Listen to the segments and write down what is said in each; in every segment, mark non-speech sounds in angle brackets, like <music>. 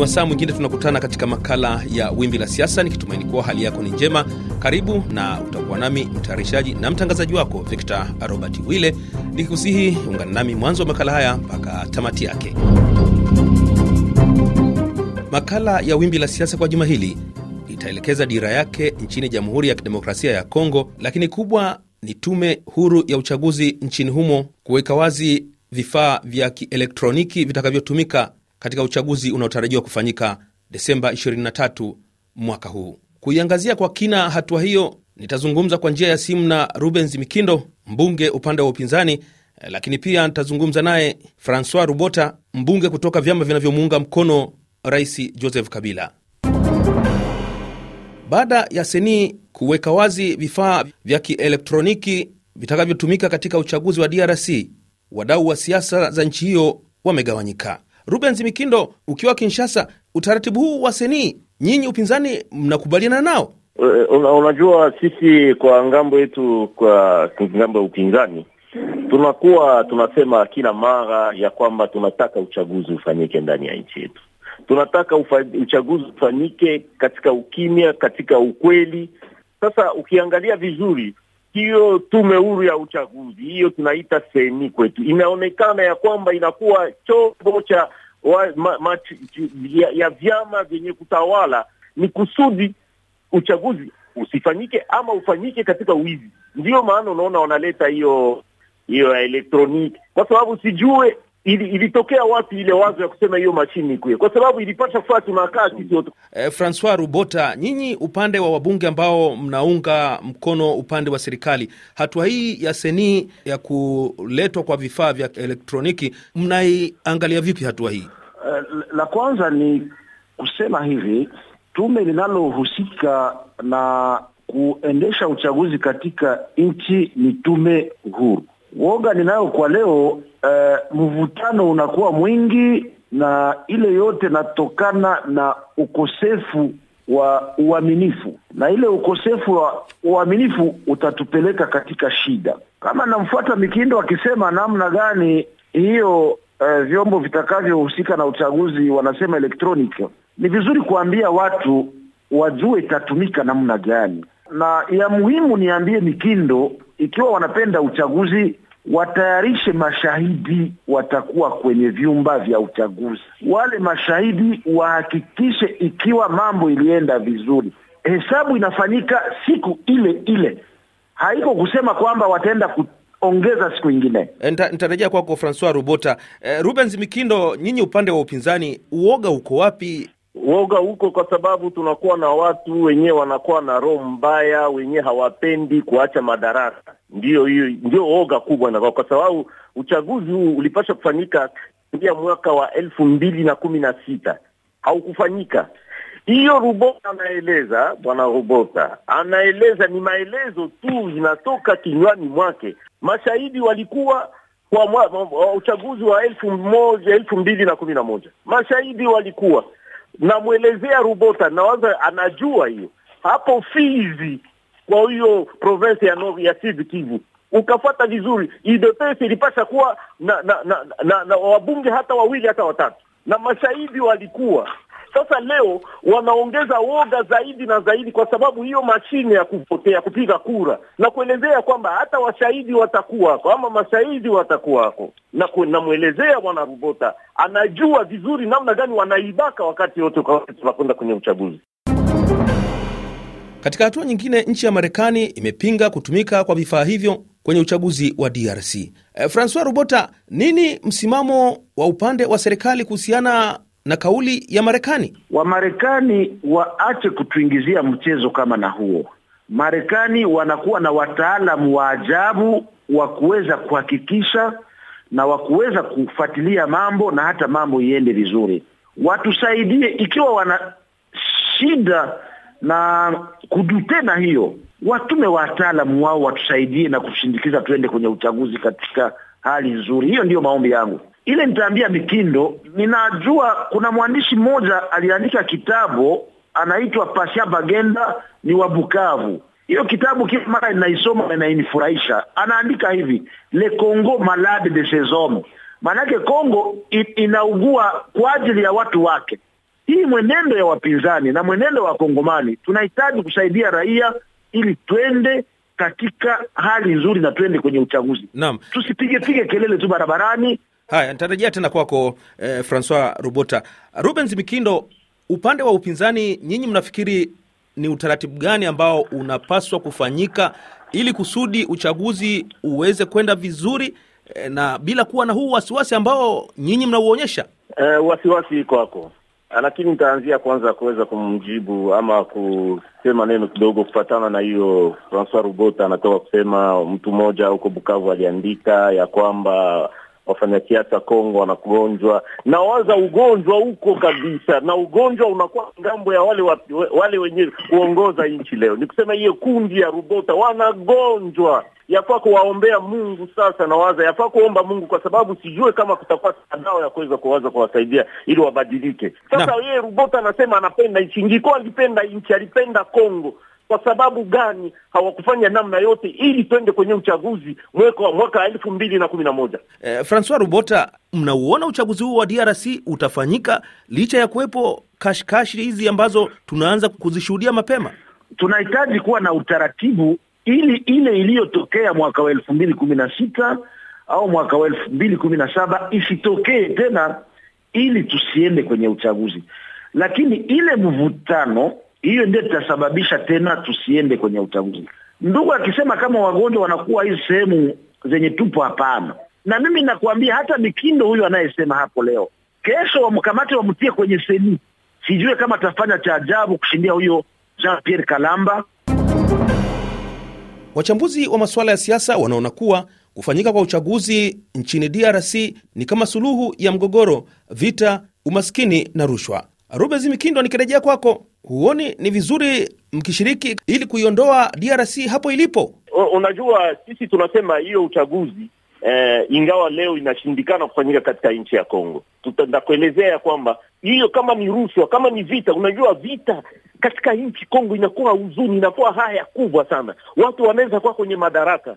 wasaa mwingine tunakutana katika makala ya Wimbi la Siasa, nikitumaini kuwa hali yako ni njema. Karibu na utakuwa nami mtayarishaji na mtangazaji wako victo Robert Wille, nikikusihi ungana nami mwanzo wa makala haya mpaka tamati yake. Makala ya Wimbi la Siasa kwa juma hili itaelekeza dira yake nchini Jamhuri ya Kidemokrasia ya Kongo, lakini kubwa ni tume huru ya uchaguzi nchini humo kuweka wazi vifaa vya kielektroniki vitakavyotumika katika uchaguzi unaotarajiwa kufanyika Desemba 23 mwaka huu. Kuiangazia kwa kina hatua hiyo, nitazungumza kwa njia ya simu na Rubens Mikindo, mbunge upande wa upinzani, lakini pia nitazungumza naye Francois Rubota, mbunge kutoka vyama vinavyomuunga mkono Rais Joseph Kabila. Baada ya Seni kuweka wazi vifaa vya kielektroniki vitakavyotumika katika uchaguzi wa DRC, wadau wa siasa za nchi hiyo wamegawanyika. Rubens Mikindo, ukiwa Kinshasa, utaratibu huu wa senii, nyinyi upinzani mnakubaliana nao? Eh, una, unajua sisi kwa ngambo yetu, kwa ngambo ya upinzani tunakuwa tunasema kila mara ya kwamba tunataka uchaguzi ufanyike ndani ya nchi yetu, tunataka ufa, uchaguzi ufanyike katika ukimya, katika ukweli. Sasa ukiangalia vizuri hiyo tume huru ya uchaguzi hiyo tunaita seni kwetu, inaonekana ya kwamba inakuwa chombo cha ya, ya vyama vyenye kutawala, ni kusudi uchaguzi usifanyike ama ufanyike katika wizi. Ndiyo maana unaona wanaleta hiyo hiyo ya elektroniki, kwa sababu sijue ili, ilitokea wapi ile wazo ya kusema hiyo mashini ikuwe, kwa sababu ilipata fuati makaa mm. E, eh, Francois Rubota, nyinyi upande wa wabunge ambao mnaunga mkono upande wa serikali, hatua hii ya senii ya kuletwa kwa vifaa vya elektroniki mnaiangalia vipi hatua hii? E, la kwanza ni kusema hivi, tume linalohusika na kuendesha uchaguzi katika nchi ni tume huru. Woga ninayo kwa leo Eh, mvutano unakuwa mwingi, na ile yote natokana na ukosefu wa uaminifu, na ile ukosefu wa uaminifu utatupeleka katika shida. Kama namfuata Mikindo akisema namna gani hiyo eh, vyombo vitakavyohusika na uchaguzi wanasema electronic, ni vizuri kuambia watu wajue itatumika namna gani, na ya muhimu niambie Mikindo, ikiwa wanapenda uchaguzi watayarishe mashahidi watakuwa kwenye vyumba vya uchaguzi. Wale mashahidi wahakikishe ikiwa mambo ilienda vizuri, hesabu inafanyika siku ile ile, haiko kusema kwamba wataenda ku ongeza siku ingine. Nitarejea kwako Francois Rubota. E, Rubens Mikindo, nyinyi upande wa upinzani, uoga uko wapi? Uoga huko kwa sababu tunakuwa na watu wenyewe wanakuwa na roho mbaya, wenyewe hawapendi kuacha madaraka ndio hiyo ndio oga kubwa na kwa sababu uchaguzi huu ulipaswa kufanyika ya mwaka wa elfu mbili na kumi na sita haukufanyika. Hiyo Rubota anaeleza, bwana Rubota anaeleza, ni maelezo tu zinatoka kinywani mwake. Mashahidi walikuwa kwa mwa, uchaguzi wa elfu moja elfu mbili na kumi na moja mashahidi walikuwa namwelezea Rubota, nawaza anajua hiyo hapo Fizi kwa hiyo province ya ya Sud Kivu ukafata vizuri UDPS ilipasha kuwa na na, na, na na wabunge hata wawili hata watatu na mashahidi walikuwa. Sasa leo wanaongeza woga zaidi na zaidi, kwa sababu hiyo mashine ya kupotea kupiga kura na kuelezea kwamba hata washahidi watakuwa watakuwako ama mashahidi watakuwako, na namwelezea bwana Rubota anajua vizuri namna gani wanaibaka wakati wote, wakati tunakwenda kwenye uchaguzi. Katika hatua nyingine, nchi ya Marekani imepinga kutumika kwa vifaa hivyo kwenye uchaguzi wa DRC. E, eh, Francois Rubota, nini msimamo wa upande wa serikali kuhusiana na kauli ya Marekani? Wamarekani waache kutuingizia mchezo kama na huo. Marekani wanakuwa na wataalamu wa ajabu wa kuweza kuhakikisha na wa kuweza kufuatilia mambo na hata mambo iende vizuri. Watusaidie ikiwa wana shida na kudute na hiyo watume wataalamu wao watusaidie na kushindikiza tuende kwenye uchaguzi katika hali nzuri. Hiyo ndiyo maombi yangu. Ile nitaambia mitindo, ninajua kuna mwandishi mmoja aliandika kitabu anaitwa Pasha Bagenda, ni wa Bukavu. Hiyo kitabu kila mara inaisoma na inainifurahisha. Anaandika hivi, le Congo malade de ses maanake Kongo inaugua kwa ajili ya watu wake hii mwenendo ya wapinzani na mwenendo wa Kongomani, tunahitaji kusaidia raia ili twende katika hali nzuri na twende kwenye uchaguzi. Naam, tusipige pige kelele tu barabarani. Haya, nitarejea tena kwako eh, Francois Rubota. Rubens Mikindo, upande wa upinzani, nyinyi mnafikiri ni utaratibu gani ambao unapaswa kufanyika ili kusudi uchaguzi uweze kwenda vizuri eh, na bila kuwa na huu wasiwasi ambao nyinyi mnauonyesha? Eh, wasiwasi kwako Ah, lakini nitaanzia kwanza kuweza kumjibu ama kusema neno kidogo kufatana na hiyo Francois Rubota anatoka kusema, mtu mmoja huko Bukavu aliandika ya kwamba wafanyasiasa Kongo wanagonjwa na waza ugonjwa huko kabisa, na ugonjwa unakuwa ngambo ya wale wale wenyewe kuongoza nchi leo. Ni kusema hiyo kundi ya Rubota wanagonjwa yafaa kuwaombea Mungu sasa, na waza yafaa kuomba Mungu kwa sababu sijue kama kutakuwa sadao ya kuweza kuwaza kuwasaidia ili wabadilike. Sasa yeye Rubota anasema anapenda nchi, ingekuwa alipenda nchi, alipenda Kongo kwa sababu gani hawakufanya namna yote ili twende kwenye uchaguzi mwaka wa mwaka elfu mbili na kumi na moja? Eh, Francois Rubota, mnauona uchaguzi huu wa DRC utafanyika licha ya kuwepo kashikashi hizi ambazo tunaanza kuzishuhudia mapema? Tunahitaji kuwa na utaratibu ili ile iliyotokea mwaka wa elfu mbili kumi na sita au mwaka wa elfu mbili kumi na saba isitokee tena, ili tusiende kwenye uchaguzi. Lakini ile mvutano hiyo ndio itasababisha tena tusiende kwenye uchaguzi. Ndugu akisema kama wagonjwa wanakuwa hizi sehemu zenye tupo, hapana. Na mimi nakuambia hata Mikindo huyu anayesema hapo leo, kesho wamkamate wamtie kwenye seni, sijue kama atafanya cha ajabu kushindia huyo Jean Pierre Kalamba. Wachambuzi wa masuala ya siasa wanaona kuwa kufanyika kwa uchaguzi nchini DRC ni kama suluhu ya mgogoro, vita, umaskini na rushwa. Rubens Mikindo, nikirejea kwako, huoni ni vizuri mkishiriki ili kuiondoa DRC hapo ilipo? Unajua, sisi tunasema hiyo uchaguzi eh, ingawa leo inashindikana kufanyika katika nchi ya Kongo, tutakuelezea ya kwamba hiyo kama ni rushwa, kama ni vita. Unajua vita katika nchi Kongo inakuwa huzuni, inakuwa haya kubwa sana, watu wanaweza kuwa kwenye madaraka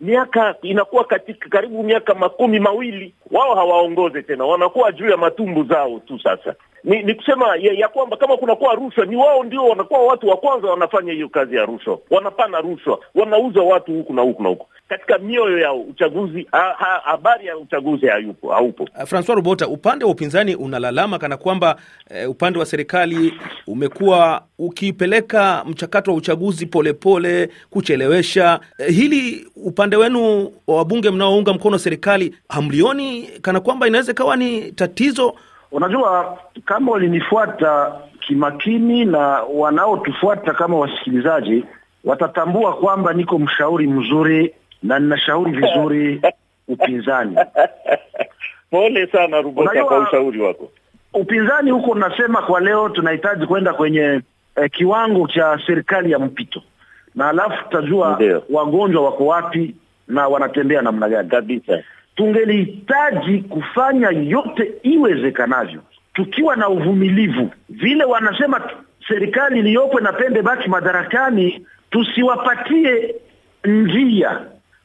miaka inakuwa katika karibu miaka makumi mawili, wao hawaongoze tena, wanakuwa juu ya matumbu zao tu. Sasa ni, ni kusema ya, ya kwamba kama kunakuwa rushwa, ni wao ndio wanakuwa watu wa kwanza wanafanya hiyo kazi ya rushwa, wanapana rushwa, wanauza watu huku na huku na huku katika mioyo ya uchaguzi habari ha, ya uchaguzi hayupo haupo. Eh, Francois Robota, upande wa upinzani unalalama kana kwamba e, upande wa serikali umekuwa ukipeleka mchakato wa uchaguzi polepole pole, kuchelewesha e, hili upande wenu wa wabunge mnaounga mkono serikali hamlioni kana kwamba inaweza ikawa ni tatizo? Unajua, kama walinifuata kimakini na wanaotufuata kama wasikilizaji watatambua kwamba niko mshauri mzuri na ninashauri vizuri <laughs> upinzani. Pole sana Rubota kwa ushauri wako. Upinzani huko nasema kwa leo tunahitaji kwenda kwenye eh, kiwango cha serikali ya mpito, na alafu tutajua wagonjwa wako wapi na wanatembea namna gani. Kabisa, tungelihitaji kufanya yote iwezekanavyo tukiwa na uvumilivu. Vile wanasema serikali iliyopo inapende baki madarakani, tusiwapatie njia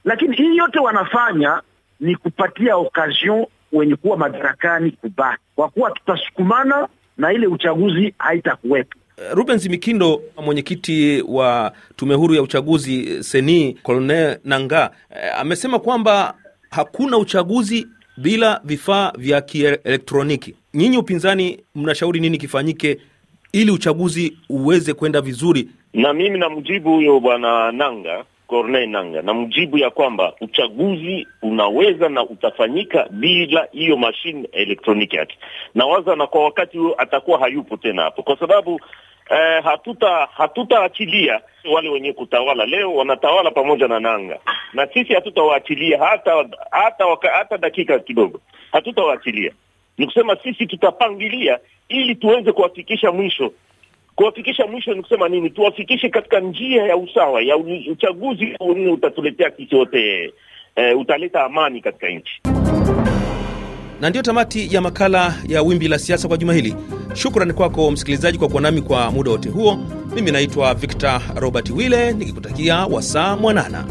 lakini hii yote wanafanya ni kupatia okasion wenye kuwa madarakani kubaki, kwa kuwa tutasukumana na ile uchaguzi haitakuwepo. Eh, Rubens Mikindo, mwenyekiti wa tume huru ya uchaguzi seni Colonel Nanga, eh, amesema kwamba hakuna uchaguzi bila vifaa vya kielektroniki. Nyinyi upinzani mnashauri nini kifanyike ili uchaguzi uweze kwenda vizuri? Na mimi namjibu huyo bwana Nanga Corneille na mjibu ya kwamba uchaguzi unaweza na utafanyika bila hiyo mashine elektroniki yake. Nawaza na kwa wakati huo atakuwa hayupo tena hapo, kwa sababu eh, hatuta hatutaachilia wale wenye kutawala leo wanatawala pamoja na nanga na sisi hatutawaachilia hata hata waka, hata dakika kidogo, hatutawaachilia. Ni kusema sisi tutapangilia ili tuweze kuhakikisha mwisho kuwafikisha mwisho ni kusema nini, tuwafikishe katika njia ya usawa ya uchaguzi huu, utatuletea sisi wote e, utaleta amani katika nchi. Na ndiyo tamati ya makala ya Wimbi la Siasa kwa juma hili. Shukrani kwako msikilizaji kwa kuwa nami kwa muda wote huo. Mimi naitwa Victor Robert Wille nikikutakia wasaa mwanana.